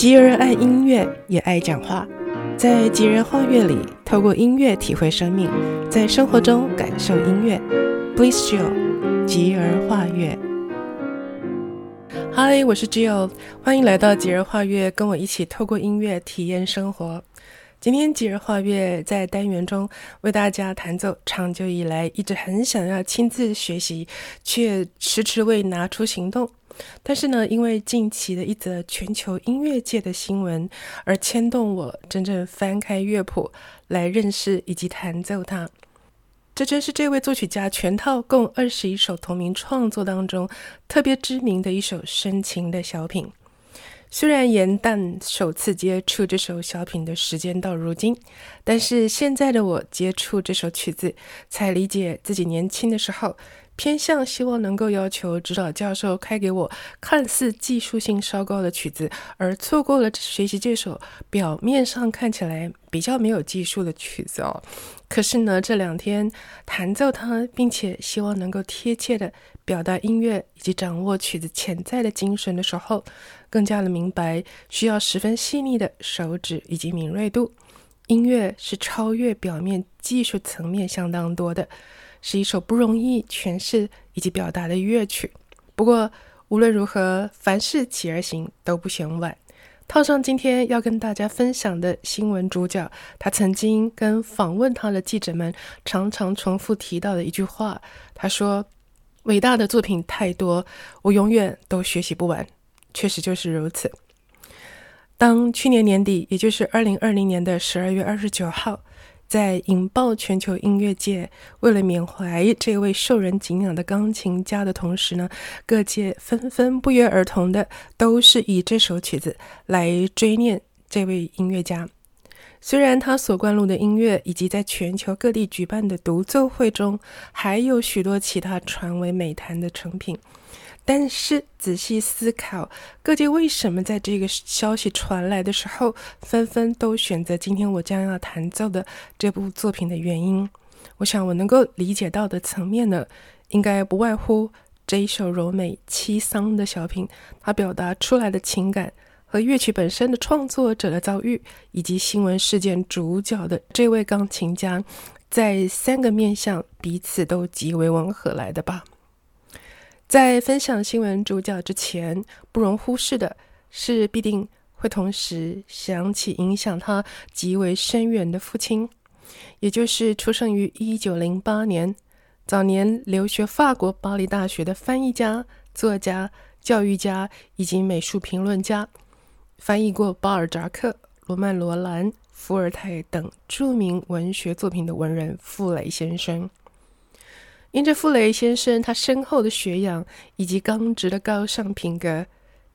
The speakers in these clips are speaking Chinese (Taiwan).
吉爾愛音樂，也愛講話。在吉爾畫樂裡，透過音樂體會生命，在生活中感受音樂。Please Jill，吉爾畫樂。Hi，我是 Jill，歡迎來到吉爾畫樂，跟我一起透過音樂體驗生活。今天吉爾畫樂在單元中為大家彈奏，長久以來一直很想要親自學習，卻遲遲未拿出行動。但是呢，因為近期的一則全球音樂界的新聞而牽動我，真正翻開樂譜來認識以及彈奏它。這真是這位作曲家全套共二十一首同名創作當中特別知名的一首深情的小品。雖然延宕首次接觸這首小品的時間到如今，但是現在的我接觸這首曲子，才理解自己年輕的時候。偏向希望能夠要求指導教授開給我看似技術性稍高的曲子，而錯過了學習這首表面上看起來比較沒有技術的曲子哦。可是呢，這兩天彈奏它，並且希望能夠貼切地表達音樂以及掌握曲子潛在的精神的時候，更加的明白需要十分細膩的手指以及敏銳度。音樂是超越表面技術層面相當多的。是一首不容易詮釋以及表達的樂曲。不過，無論如何，凡事起而行都不嫌晚。套上今天要跟大家分享的新聞主角，他曾經跟訪問他的記者們常常重複提到的一句話，他說：“偉大的作品太多，我永遠都學習不完。”確實就是如此。當去年年底，也就是二零二零年的十二月二十九號。在引爆全球音樂界，為了緬懷這位受人敬仰的鋼琴家的同時呢，各界紛紛不約而同的都是以這首曲子來追念這位音樂家。雖然他所灌錄的音樂以及在全球各地舉辦的獨奏會中，還有許多其他傳為美談的成品。但是仔細思考，各界為什麼在這個消息傳來的時候，紛紛都選擇今天我將要彈奏的這部作品的原因，我想我能夠理解到的層面呢，應該不外乎這一首柔美凄傷的小品，它表達出來的情感和樂曲本身的創作者的遭遇，以及新聞事件主角的這位鋼琴家，在三個面向彼此都極為吻合來的吧。在分享新聞主角之前，不容忽視的是，必定會同時想起影響他極為深遠的父親，也就是出生於一九零八年、早年留學法國巴黎大學的翻譯家、作家、教育家以及美術評論家，翻譯過巴爾扎克、羅曼·羅蘭、伏爾泰等著名文學作品的文人傅雷先生。因着傅雷先生他深厚的學養以及剛直的高尚品格，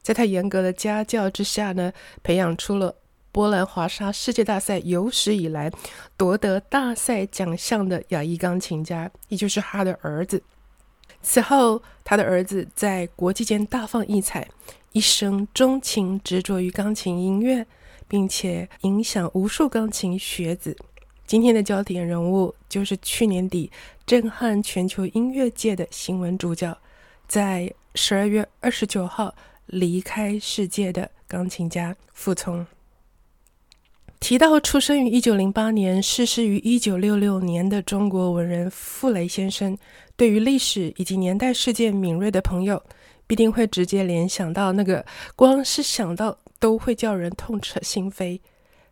在他嚴格的家教之下呢，培養出了波蘭華沙世界大賽有史以來奪得大賽獎項的亞裔鋼琴家，也就是他的兒子。此後，他的兒子在國際間大放異彩，一生鍾情執着於鋼琴音樂，並且影響無數鋼琴學子。今天的焦點人物就是去年底震撼全球音樂界的新聞主角，在十二月二十九號離開世界的鋼琴家傅聰。提到出生於一九零八年，逝世於一九六六年的中國文人傅雷先生，對於歷史以及年代事件敏銳的朋友，必定會直接聯想到那個光是想到都會叫人痛徹心扉。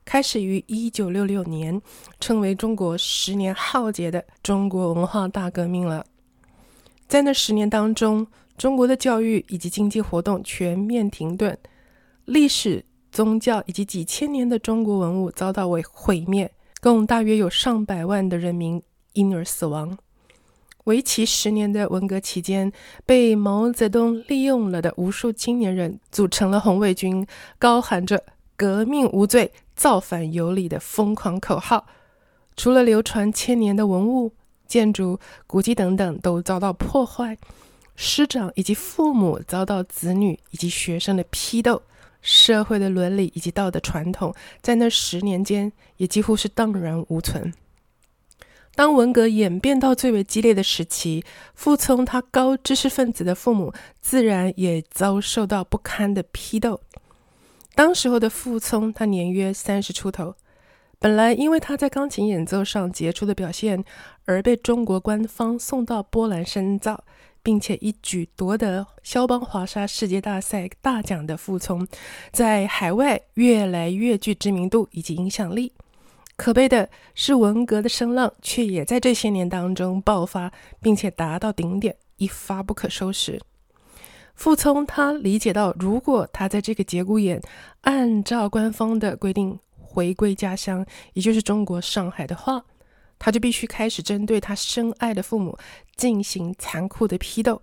開始於一九六六年，稱為中國十年浩劫的中國文化大革命了。在那十年當中，中國的教育以及經濟活動全面停頓，歷史、宗教以及幾千年的中國文物遭到為毀滅，共大約有上百萬的人民因而死亡。為期十年的文革期間，被毛澤東利用了的無數青年人組成了紅衛軍，高喊着“革命無罪”。造反有理的瘋狂口號，除了流傳千年的文物、建築、古蹟等等都遭到破壞，師長以及父母遭到子女以及學生的批鬥，社會的倫理以及道德傳統在那十年間也幾乎是蕩然無存。當文革演變到最為激烈的時期，傅聰他高知識分子的父母自然也遭受到不堪的批鬥。當時候的傅聰，他年約三十出頭，本來因為他在鋼琴演奏上傑出的表現，而被中國官方送到波蘭深造，並且一舉奪得肖邦華沙世界大賽大獎的傅聰，在海外越來越具知名度以及影響力。可悲的是，文革的聲浪卻也在這些年當中爆發，並且達到頂點，一發不可收拾。傅聰，他理解到，如果他在這個節骨眼，按照官方的規定回歸家鄉，也就是中國上海的話，他就必須開始針對他深愛的父母進行殘酷的批鬥。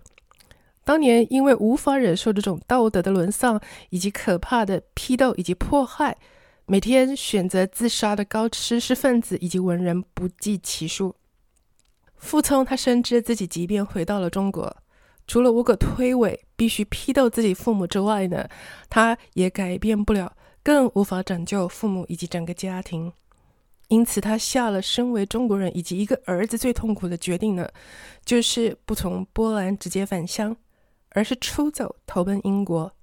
當年，因為無法忍受這種道德的淪喪以及可怕的批鬥以及迫害，每天選擇自殺的高知識分子以及文人不計其數。傅聰，他深知自己即便回到了中國。除了無可推諉，必須批鬥自己父母之外呢，他也改變不了，更無法拯救父母以及整個家庭。因此，他下了身為中國人以及一個兒子最痛苦的決定呢，就是不從波蘭直接返鄉，而是出走投奔英國。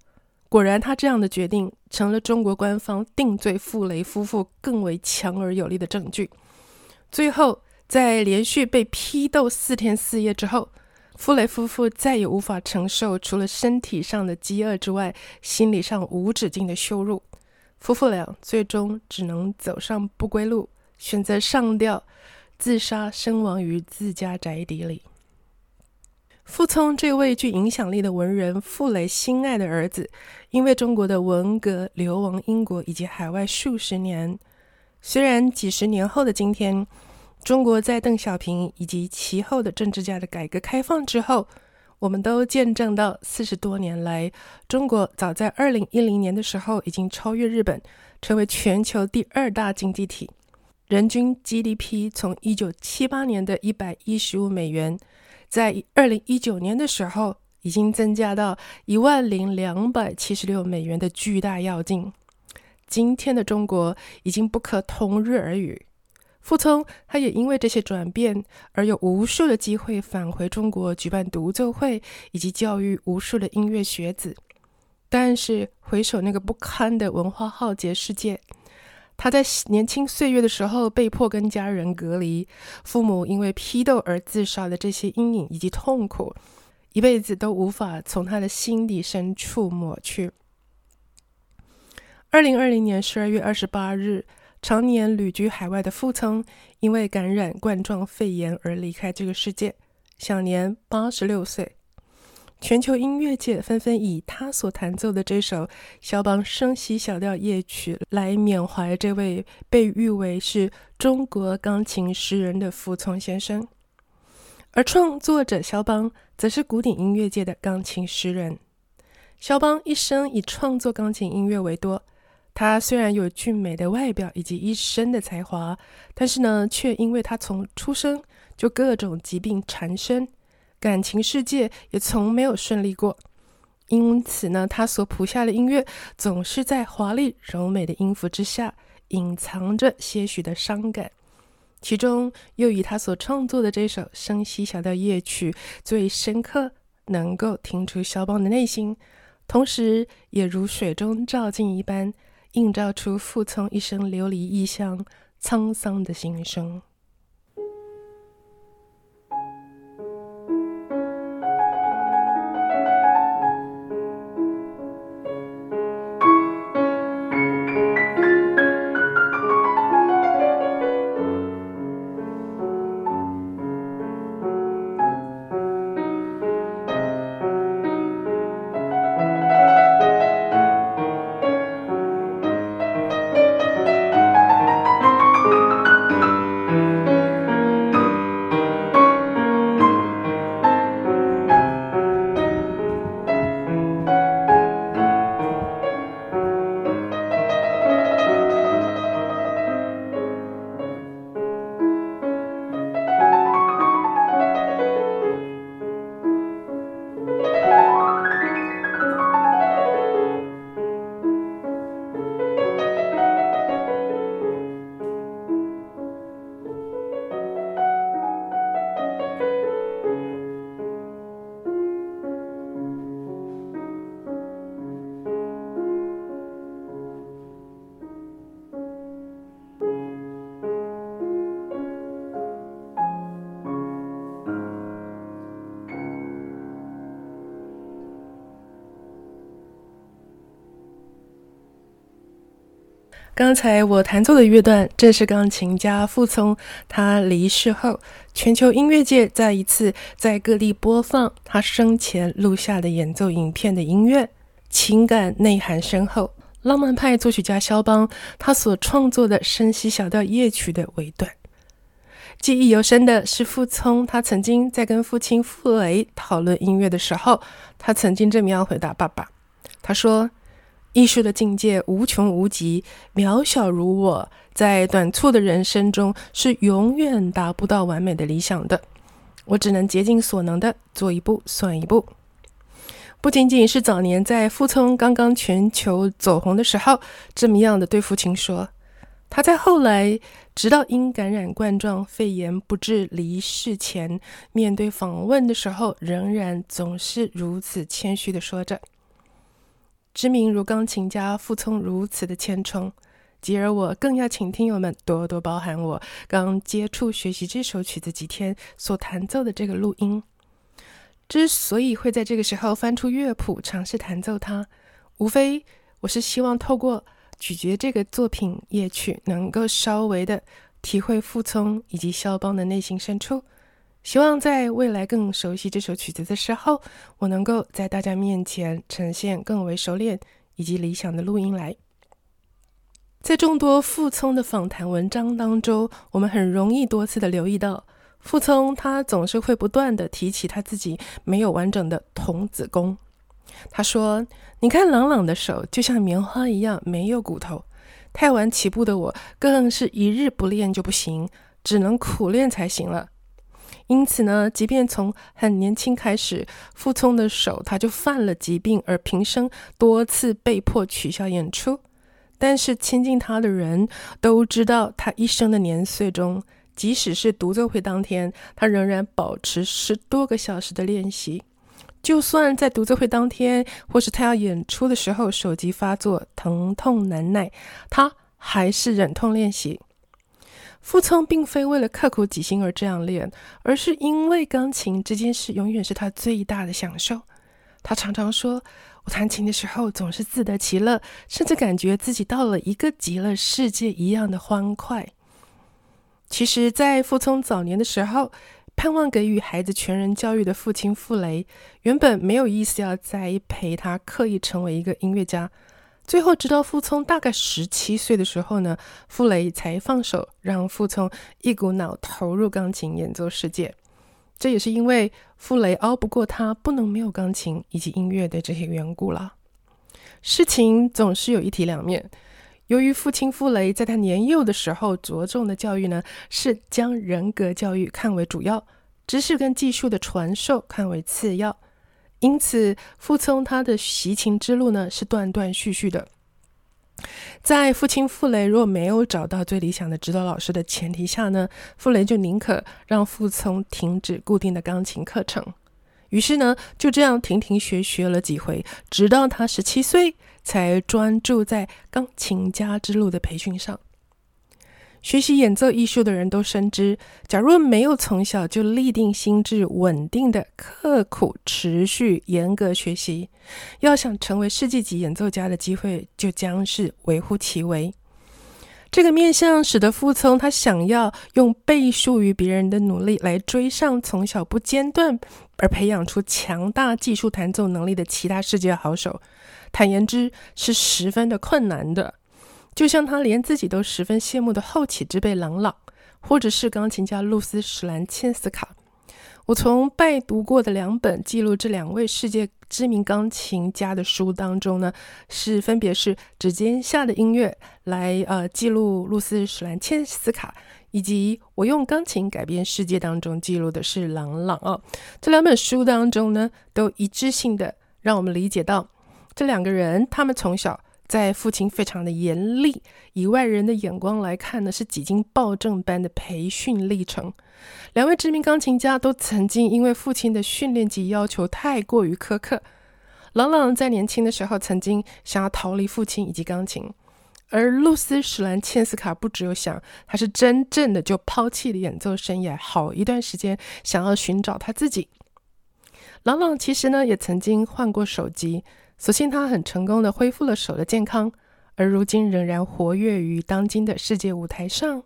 果然，他這樣的決定成了中國官方定罪傅雷夫婦更為強而有力的證據。最後，在連續被批鬥四天四夜之後。傅雷夫婦再也無法承受，除了身體上的飢餓之外，心理上無止境的羞辱。夫婦倆最終只能走上不歸路，選擇上吊自殺身亡於自家宅邸裡。傅聰這位具影響力的文人，傅雷心愛的兒子，因為中國的文革流亡英國以及海外數十年。雖然幾十年後的今天，中國在鄧小平以及其後的政治家的改革開放之後，我們都見證到四十多年來，中國早在二零一零年的時候已經超越日本，成為全球第二大經濟體。人均 GDP 從一九七八年的一百一十五美元，在二零一九年的時候已經增加到一萬零兩百七十六美元的巨大躍進。今天的中國已經不可同日而語。傅聰，他也因為這些轉變而有無數的機會返回中國舉辦獨奏會，以及教育無數的音樂學子。但是回首那個不堪的文化浩劫事件，他在年輕歲月的時候被迫跟家人隔離，父母因為批鬥而自殺的這些陰影以及痛苦，一輩子都無法從他的心底深處抹去。二零二零年十二月二十八日，常年旅居海外的傅聰，因為感染冠狀肺炎而離開這個世界，享年八十六歲。全球音樂界紛紛以他所彈奏的這首肖邦升 C 小調夜曲來緬懷這位被譽為是中國鋼琴詩人的傅聰先生。而創作者肖邦，則是古典音樂界的鋼琴詩人。肖邦一生以創作鋼琴音樂為多。他雖然有俊美的外表以及一身的才華，但是呢，卻因為他從出生就各種疾病纏身，感情世界也從沒有順利過，因此呢，他所譜下的音樂總是在華麗柔美的音符之下隱藏着些許的傷感。其中又以他所創作的這首《升 C 小調夜曲》最深刻，能夠聽出肖邦的內心，同時也如水中照鏡一般。映照出傅聰一生流離異鄉、滄桑的心聲。剛才我彈奏的樂段，正是鋼琴家傅聰他離世後，全球音樂界再一次在各地播放他生前錄下的演奏影片的音樂，情感內涵深厚。浪漫派作曲家肖邦他所創作的《升 C 小調夜曲》的尾段，記憶猶深的是傅聰，他曾經在跟父親傅雷討論音樂的時候，他曾經這麼樣回答爸爸，他說。藝術的境界無窮無極，渺小如我，在短促的人生中是永遠達不到完美的理想的。我只能竭盡所能地做一步算一步。不僅僅是早年在傅聰剛剛全球走紅的時候，這麼樣的對父親說；他在後來，直到因感染冠狀肺炎不治離世前，面對訪問的時候，仍然總是如此謙虛地說着。知名如鋼琴家傅聰如此的虔誠，繼而我更要請聽友們多多包涵，我剛接觸學習這首曲子的幾天所彈奏的這個錄音。之所以會在這個時候翻出樂譜嘗試彈奏它，無非我是希望透過咀嚼這個作品夜曲，能夠稍微的體會傅聰以及肖邦的內心深處。希望在未來更熟悉這首曲子的時候，我能夠在大家面前呈現更為熟練以及理想的錄音來。在眾多傅聰的訪談文章當中，我們很容易多次的留意到，傅聰他總是會不斷的提起他自己沒有完整的童子功。他說：“你看朗朗的手就像棉花一樣，沒有骨頭。太晚起步的我，更是一日不練就不行，只能苦練才行了。”因此呢，即便從很年輕開始，傅聰的手他就犯了疾病，而平生多次被迫取消演出。但是親近他的人都知道，他一生的年歲中，即使是獨奏會當天，他仍然保持十多個小時的練習。就算在獨奏會當天，或是他要演出的時候，手疾發作，疼痛難耐，他還是忍痛練習。傅聰並非為了刻苦己心而這樣練，而是因為鋼琴這件事永遠是他最大的享受。他常常說：“我彈琴的時候總是自得其樂，甚至感覺自己到了一個極樂世界一樣的歡快。”其實，在傅聰早年的時候，盼望給予孩子全人教育的父親傅雷，原本沒有意思要再陪他刻意成為一個音樂家。最後，直到傅聰大概十七歲的時候呢，傅雷才放手，讓傅聰一股腦投入鋼琴演奏世界。這也是因為傅雷拗不過他，不能沒有鋼琴以及音樂的這些緣故了。事情總是有一體兩面。由於父親傅雷在他年幼的時候着重的教育呢，是將人格教育看為主要，知識跟技術的傳授看為次要。因此，傅聰他的習琴之路呢，是斷斷續續的。在父親傅雷若沒有找到最理想的指導老師的前提下呢，傅雷就寧可讓傅聰停止固定的鋼琴課程。於是呢，就這樣停停學學了幾回，直到他十七歲才專注在鋼琴家之路的培訓上。學習演奏藝術的人都深知，假如沒有從小就立定心智、穩定的刻苦、持續、嚴格學習，要想成為世界級演奏家的機會就將是微乎其微。這個面相使得傅聰他想要用倍數於別人的努力來追上從小不間斷而培養出強大技術彈奏能力的其他世界好手，坦言之是十分的困難的。就像他連自己都十分羨慕的後起之輩郎朗，或者是鋼琴家露絲史蘭切斯卡。我從拜讀過的兩本記錄這兩位世界知名鋼琴家的書當中呢，是分別是《指尖下的音樂》來呃記錄露絲史蘭切斯卡，以及我用鋼琴改變世界當中記錄的是郎朗哦，這兩本書當中呢，都一致性的讓我們理解到這兩個人他們從小。在父親非常的嚴厲，以外人的眼光來看呢，是幾經暴政般的培訓歷程。兩位知名鋼琴家都曾經因為父親的訓練及要求太過於苛刻。朗朗在年輕的時候曾經想要逃離父親以及鋼琴，而露絲史蘭切斯卡不只有想，她是真正的就拋棄了演奏生涯，好一段時間想要尋找她自己。朗朗其實呢，也曾經換過手機。所幸他很成功地恢復了手的健康，而如今仍然活躍於當今的世界舞台上。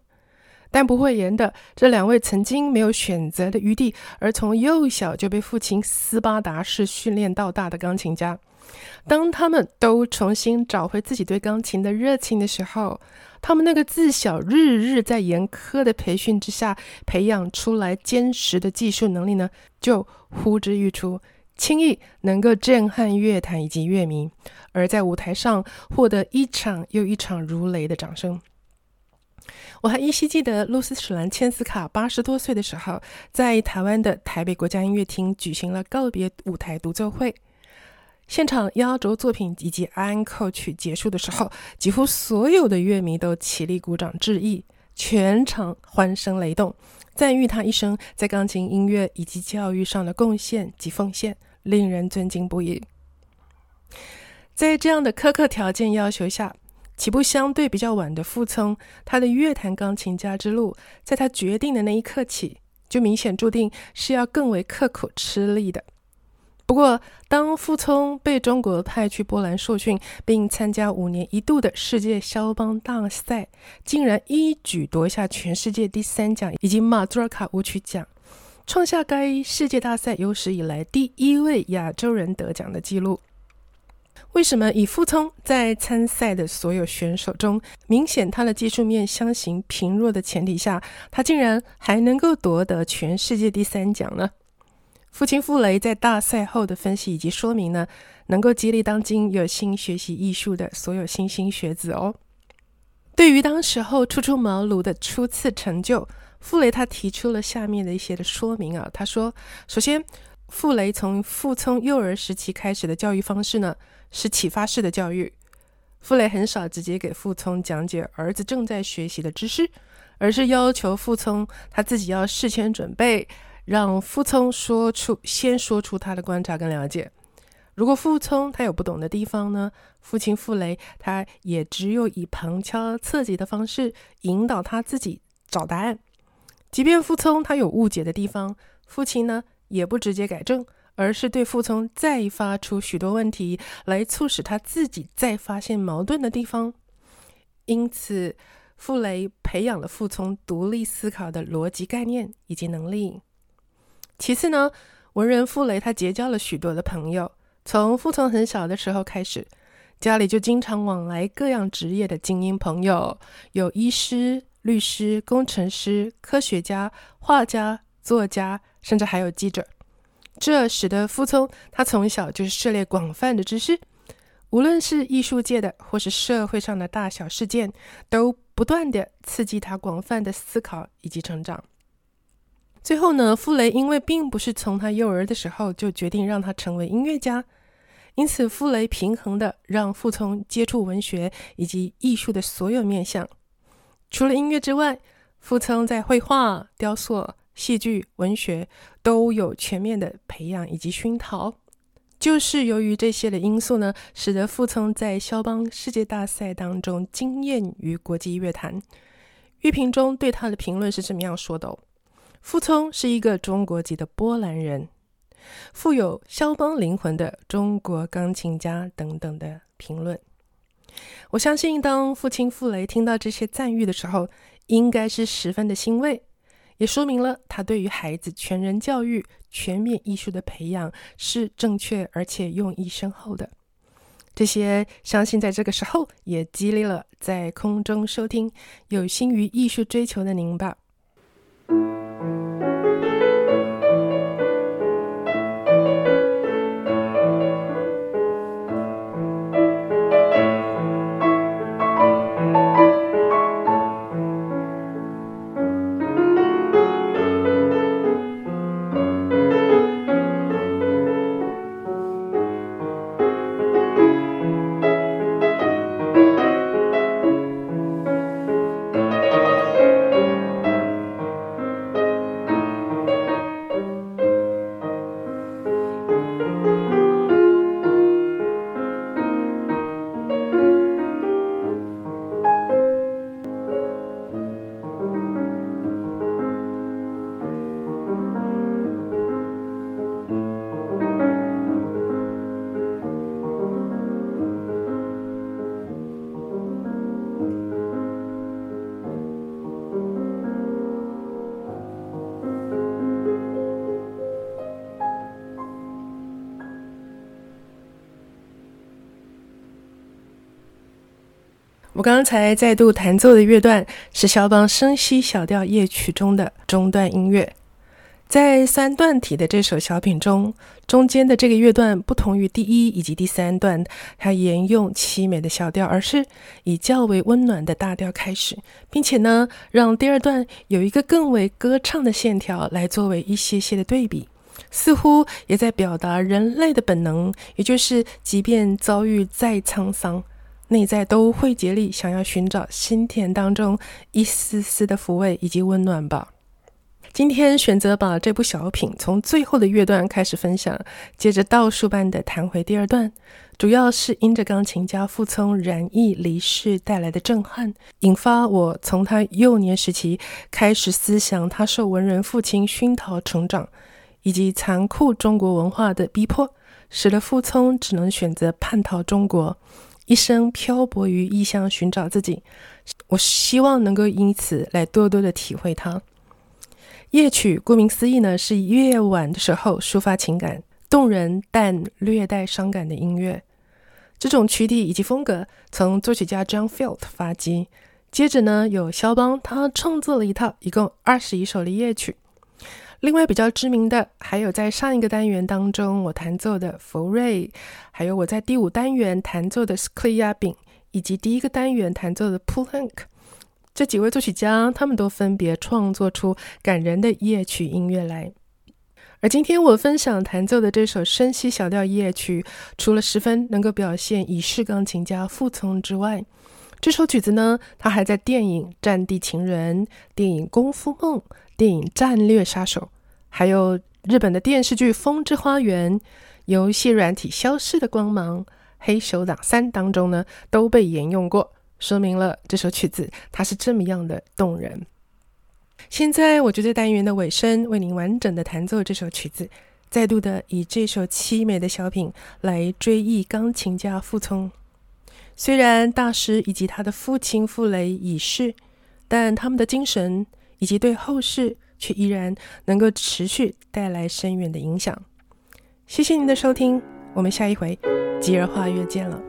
但不諱言的，這兩位曾經沒有選擇的餘地，而從幼小就被父親斯巴達式訓練到大的鋼琴家，當他們都重新找回自己對鋼琴的熱情的時候，他們那個自小日日在嚴苛的培訓之下培養出來堅實的技術能力呢，就呼之欲出。輕易能夠震撼樂壇以及樂迷，而在舞台上獲得一場又一場如雷的掌聲。我還依稀記得露絲史蘭千斯卡八十多歲的時候，在台灣的台北國家音樂廳舉行了告別舞台獨奏會，現場壓軸作品以及安可曲結束的時候，幾乎所有的樂迷都起立鼓掌致意，全場歡聲雷動，贊譽他一生在鋼琴音樂以及教育上的貢獻及奉獻。令人尊敬不已。在這樣的苛刻條件要求下，起步相對比較晚的傅聰，他的樂壇鋼琴家之路，在他決定的那一刻起，就明顯注定是要更為刻苦吃力的。不過，當傅聰被中國派去波蘭受訓，並參加五年一度的世界肖邦大賽，竟然一舉奪下全世界第三獎以及馬祖爾卡舞曲獎。創下該世界大賽有史以來第一位亞洲人得獎的記錄。為什麼以傅聰在參賽的所有選手中，明顯他的技術面相形平弱的前提下，他竟然還能夠奪得全世界第三獎呢？父親傅雷在大賽後的分析以及說明呢，能夠激勵當今有心學習藝術的所有莘莘學子哦。對於當時候初出茅廬的初次成就。傅雷他提出了下面的一些的說明啊，他說：首先，傅雷從傅聰幼兒時期開始的教育方式呢，是啟發式的教育。傅雷很少直接給傅聰講解兒子正在學習的知識，而是要求傅聰他自己要事先準備，讓傅聰說出先說出他的觀察跟了解。如果傅聰他有不懂的地方呢，父親傅雷他也只有以旁敲側擊的方式引導他自己找答案。即便傅聰他有誤解的地方，父親呢也不直接改正，而是對傅聰再發出許多問題，來促使他自己再發現矛盾的地方。因此，傅雷培養了傅聰獨立思考的邏輯概念以及能力。其次呢，文人傅雷他結交了許多的朋友，從傅聰很小的時候開始，家裡就經常往來各樣職業的精英朋友，有醫師、律師、工程師、科學家、畫家、作家，甚至還有記者，這使得傅聰他從小就涉獵廣泛的知識。無論是藝術界的，或是社會上的大小事件，都不斷地刺激他廣泛的思考以及成長。最後呢，傅雷因為並不是從他幼兒的時候就決定讓他成為音樂家，因此傅雷平衡地讓傅聰接觸文學以及藝術的所有面向。除了音樂之外，傅聰在繪畫、雕塑、戲劇、文學都有全面的培養以及熏陶。就是由於這些的因素呢，使得傅聰在肖邦世界大賽當中驚豔於國際樂壇。樂評中對他的評論是怎麼樣說的哦？傅聰是一個中國籍的波蘭人，富有肖邦靈魂的中國鋼琴家等等的評論。我相信，當父親傅雷聽到這些讚譽的時候，應該是十分的欣慰，也說明了他對於孩子全人教育、全面藝術的培養是正確而且用意深厚的。這些相信在這個時候也激勵了在空中收聽、有心於藝術追求的您吧。我剛才再度彈奏的樂段是肖邦升 C 小調夜曲中的中段音樂。在三段體的這首小品中，中間的這個樂段不同於第一以及第三段，它沿用淒美的小調，而是以較為溫暖的大調開始，並且呢，讓第二段有一個更為歌唱的線條來作為一些些的對比，似乎也在表達人類的本能，也就是即便遭遇再滄桑。內在都會竭力想要尋找心田當中一絲絲的撫慰以及溫暖吧。今天選擇把這部小品從最後的樂段開始分享，接着倒數般的彈回第二段，主要是因着鋼琴家傅聰染疫離，離世帶來的震撼，引發我從他幼年時期開始思想，他受文人父親熏陶成長，以及殘酷中國文化的逼迫，使得傅聰只能選擇叛逃中國。一生漂泊於異鄉尋找自己，我希望能夠因此來多多的體會它。夜曲顧名思義呢，是夜晚的時候抒發情感、動人但略帶傷感的音樂。這種曲體以及風格從作曲家 John Field 發跡，接着呢有肖邦他創作了一套一共二十一首的夜曲。另外比較知名的還有在上一個單元當中我彈奏的福瑞，還有我在第五單元彈奏的斯克里亞賓，以及第一個單元彈奏的普朗克，這幾位作曲家他們都分別創作出感人的夜曲音樂來。而今天我分享彈奏的這首升 C 小調夜曲，除了十分能夠表現已逝鋼琴家傅聰之外，這首曲子呢，它還在電影《戰地情人》、電影《功夫夢》。電影《戰略殺手》，還有日本的電視劇《風之花園》，遊戲軟體《消失的光芒》，《黑手黨三》當中呢都被沿用過，說明了這首曲子它是這麼樣的動人。現在我就在單元的尾聲，為您完整的彈奏這首曲子，再度的以這首淒美的小品來追憶鋼琴家傅聰。雖然大師以及他的父親傅雷已逝，但他們的精神。以及對後世卻依然能夠持續帶來深遠的影響。謝謝您的收聽，我們下一回吉爾化月見了。